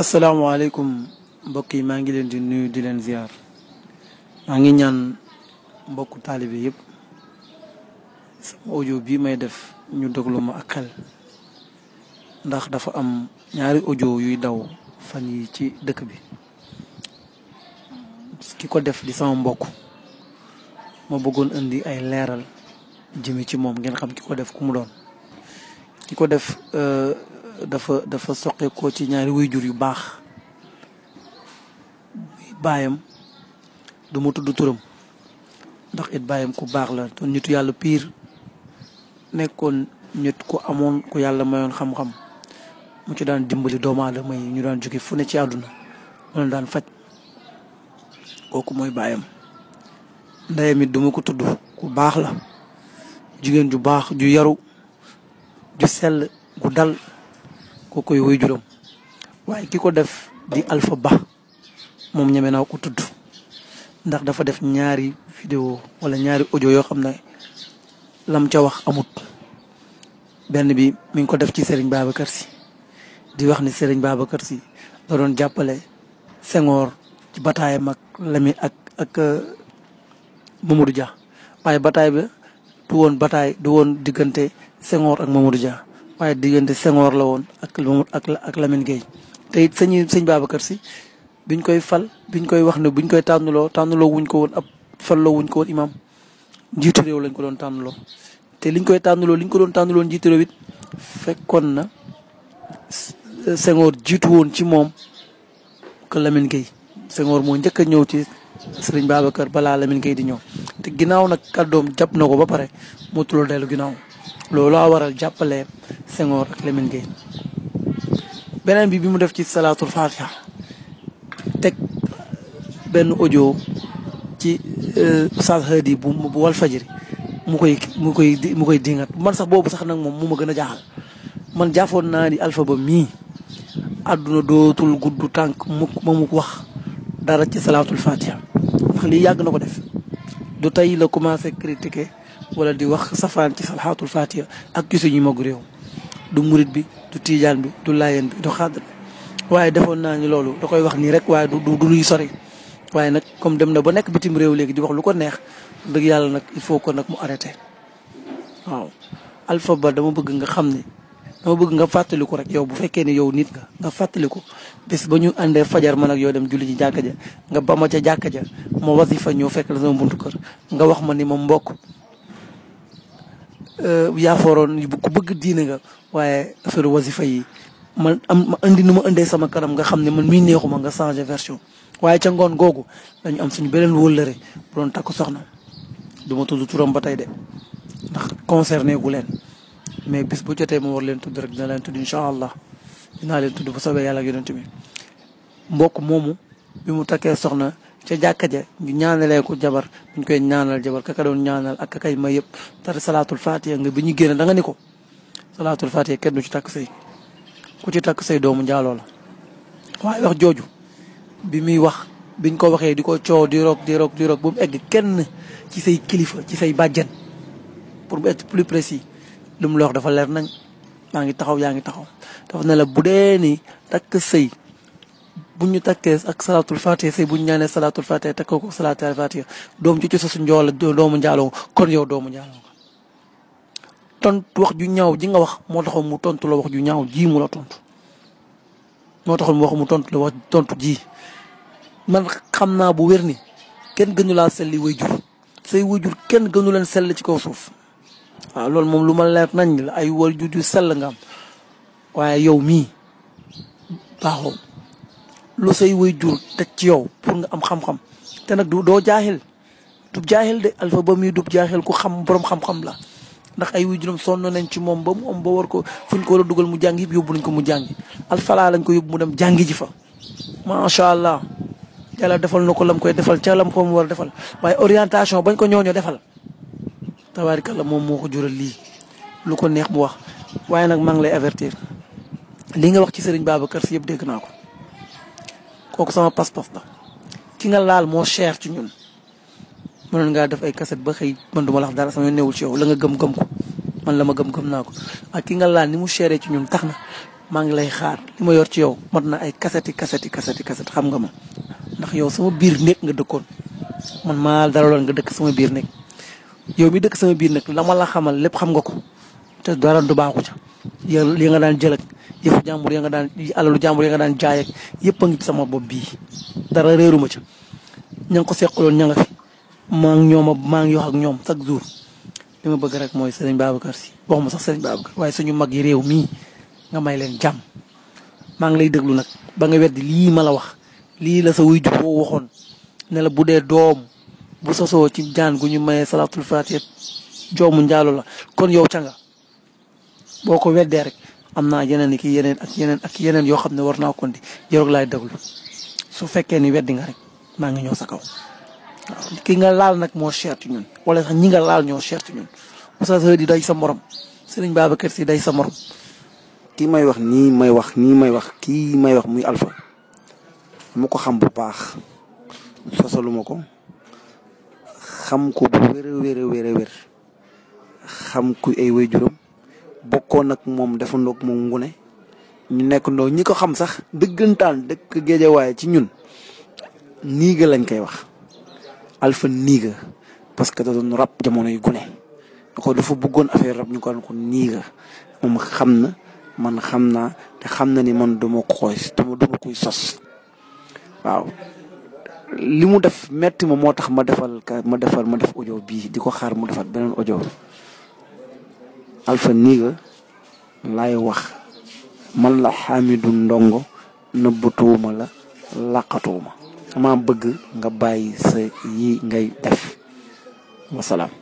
asalaamaaleykum mbokk yi maa ngi leen di nuyu di leen ziar maa ngi ñaan mbokku taalibe yëpp sama audio bii may def ñu déglu ma ak xel ndax dafa am ñaari audio yuy daw fan yi ci dëkk bi ki ko def di sama mbokk ma bëggoon indi ay leeral jëmi ci moom ngeen xam ki ko def ku doon ki ko def. Euh, dafa dafa soqeekoo ci ñaari jur yu baax baayam du ma tudd turam ndax it baayam ku baax la doon nitu yàlla piir nekkoon nit ku amoon ku yàlla mayoon xam-xam mu ci daan dimbali doomu aadama yi ñu daan jóge fu ne ci àdduna mu leen daan faj kooku mooy baayam ndeyam it duma ko tudd ku baax la jigéen ju baax ju yaru ju sell gu dal ko koy woy juróom waaye def di alpha ba moom ñeme naa ko tudd ndax dafa def ñaari vidéo wala ñaari audio yoo lam ca wax amut benn bi mi ngi ko def ci Serigne Babacar Sy di wax ni Serigne Babacar Sy da doon Senghor ci ak ak ak euh, Mamadou Dia waaye bataay bi du woon bataay du woon Senghor ak Mamadou Dia waaye diggante Senghor la woon ak lu ak ak Lamine Gueye te it sëñ sëñ Babacar si biñ koy fal biñ koy wax ne buñ koy tànnuloo tànnuloo wuñ ko woon ab falloo wuñ ko woon imam njiitu réew lañ ko doon tànnuloo te liñ koy tànnuloo liñ ko doon tànnuloo njiitu réew it fekkoon na Senghor jiitu woon ci moom que Lamine Gueye Senghor moo njëkk a ñëw ci sëriñ Babacar balaa Lamine Gueye di ñëw te ginnaaw nag kàddoom jàpp na ko ba pare mu tulul dellu ginnaaw loolu a waral jàppale Senghor ak Lamine Gueye beneen bi bi mu def ci salaatul fatiha teg benn audio ci euh, Oustaz Hady bu bu Walfadjri mu koy mu koy di mu koy dingat man sax boobu sax nag moom mu ma gën a jaaxal man jaafoon naa ni alpha ba mii àdduna dootul gudd tànk mukk ma mu wax dara ci salaatul fatiha ndax lii yàgg na ko def du tey la commencé critiquer wala di wax safaan ci salaatul fatiha ak gisuñu mag réew du murit bi du tiijaan bi du laayeen bi du xaadir waaye defoon naa ni loolu da koy wax nii rek waaye du du luy sori waaye nag comme dem na ba nekk tim réew léegi di wax lu ko neex bëgg yàlla nag il faut que nag mu arrêté waaw Alpha Ba dama bëgg nga xam ni dama bëgg nga fàttaliku rek yow bu fekkee ne yow nit nga nga fàttaliku bis ba ñu àndee fajar ma nag yow dem julli ji jàkka ja nga ba ma ca jàkka ja ma wasifa ñëw fekk la sama buntu kër nga wax ma ni ma mbokk Euh, yaafooroon ku bëgg diine nga waaye affaire wasifa yi man am ma indi nu ma indee sama kanam nga xam ne man mii neexuma nga changé version waaye ca ngoon googu dañu am suñu beneen wóllëre bu doon takk soxna du ma tudd turam ba tey de ndax concerné gu leen mais bis bu jotee ma war leen tudd rek dina leen tudd incha allah dinaa leen tudd bu soobee yàlla ak yonent bi mbokk moomu bi mu takkee soxna ca jakka ja ñu ñaanalee ko jabar buñ koy ñaanal jabar kaka doon ñaanal ak kakay ma yëpp tar salatul fatiha nga biñu génn da nga niko ko fatiha kenn du ci tak sey ku ci tak sey doomu la way wax joju bi muy wax biñ ko di ko di rok di rok di rok bu mu egg kenn ci sey kilifa ci sey bàjjen pour être plus précis lum lo wax dafa leer nañ ma ngi taxaw ya ngi taxaw dafa na la budé ni tak sey bu ñu takkee ak salaatul fatiha say bu ñu ñaanee salaatul fatiha takkoo ko salaatul fatiha doom ju ci sosu njool doomu njaaloo kon yow doomu njaaloo tontu wax ju ñaaw ji nga wax moo taxoon mu tontu la wax ju ñaaw ji mu la tont moo taxoon mu wax mu tontu la wax tontu ji man xam naa bu wér ni kenn gënu laa selli wayjur say wayjur kenn gënu leen sell ci kaw suuf waaw loolu moom lu ma leer nañ la ay wayjur ju sell nga am waaye yow mii baaxoo lu sey way jur teg ci yow pour nga am xam-xam te nag du doo jaaxil du jaaxil de alpha ba muy du jaaxil ku xam borom xam-xam la ndax ay way juram sonn nañ ci moom ba mu am ba war ko fu ñu ko war a dugal mu jàng yëpp yóbbu nañ ko mu jàngi alfalaa lañ ko yóbbu mu dem jàngi ji fa macha allah yàlla defal na ko lam koy defal ca lam ko mu war a defal waaye orientation bañ ko ñooñu defal tabaarikàlla moom moo ko jural lii lu ko neex mu wax waaye nag maa ngi lay avertir lii nga wax ci Serigne Babacar Sy yëpp dégg naa ko kooku sama pas-pas la ki nga laal moo cher ci ñun mënoon ngaa def ay kaset ba xëy man du ma la wax dara sama newul ci yow la nga gëm-gëm ko man la ma gëm-gëm naa ko ak ki nga laal ni mu cher ci ñun tax na maa ngi lay xaar li ma yor ci yow mat na ay kaseti kaseti kaseti kaset xam nga ma ndax yow sama biir néeg nga dëkkoon man maa daraloon nga dëkk sama biir néeg yow mi dëkk sama biir nag la ma la xamal lépp xam nga ko te dara du baaxu ca yow nga daan jël yëfu jàmbur ya nga daan alalu jàmbur ya daan jaay ak yëpp a ngi sama bopp bii dara réeruma ci ña nga ko seqaloon ña nga fi maa ñoom maa ngi wax ak ñoom chaque jour li ma bëgg rek mooy sëriñ kar si waxuma sax sëriñ Babacar waaye suñu mag yi réew mii nga may leen jàmm maa ngi lay déglu nag ba nga weddi lii ma la wax lii la sa wuy juboo waxoon ne la bu dee doom bu sosoo ci jaan gu ñu mayee salaatul faatiha joomu njaalu la kon yow ca boo ko weddee rek am naa yeneen ki yeneen ak yeneen ak yeneen yoo xam ne war naa ko ndi yow laay déglu su fekkee ni weddi nga rek maa ngi ñëw sa kaw waaw ki nga laal nag moo cher ñun wala ñi nga laal ñoo cher ci ñun Oustaz Hady day sa morom Serigne Babacar Sy day sa morom. kii may wax nii may wax nii may wax kii may wax muy alfa mu ko xam bu baax sosaluma ko xam ko bu wér a wér a xam ku ay waajuram bokkoon ak moom defandoo ak moom ngune ñu nekk ndoo ñi ko xam sax dëggantaan dëkk géejawaay ci ñun niiga lañ koy wax alpha niiga parce que da doon rab jamono yu gune ko dafa bëggoon affaire rab ñu ko doon ko niiga moom xam na man xam naa te xam na ni man duma koy duma duma koy sos waaw li mu def metti ma moo tax ma defal ma defal ma def ojo bii di ko xaar mu defal beneen ojo Alpha Niga lay wax man la Hamidou Ndongo nëbbatuwuma la làqatuwuma dama bëgg nga bàyyi sa yi ngay def wasalaam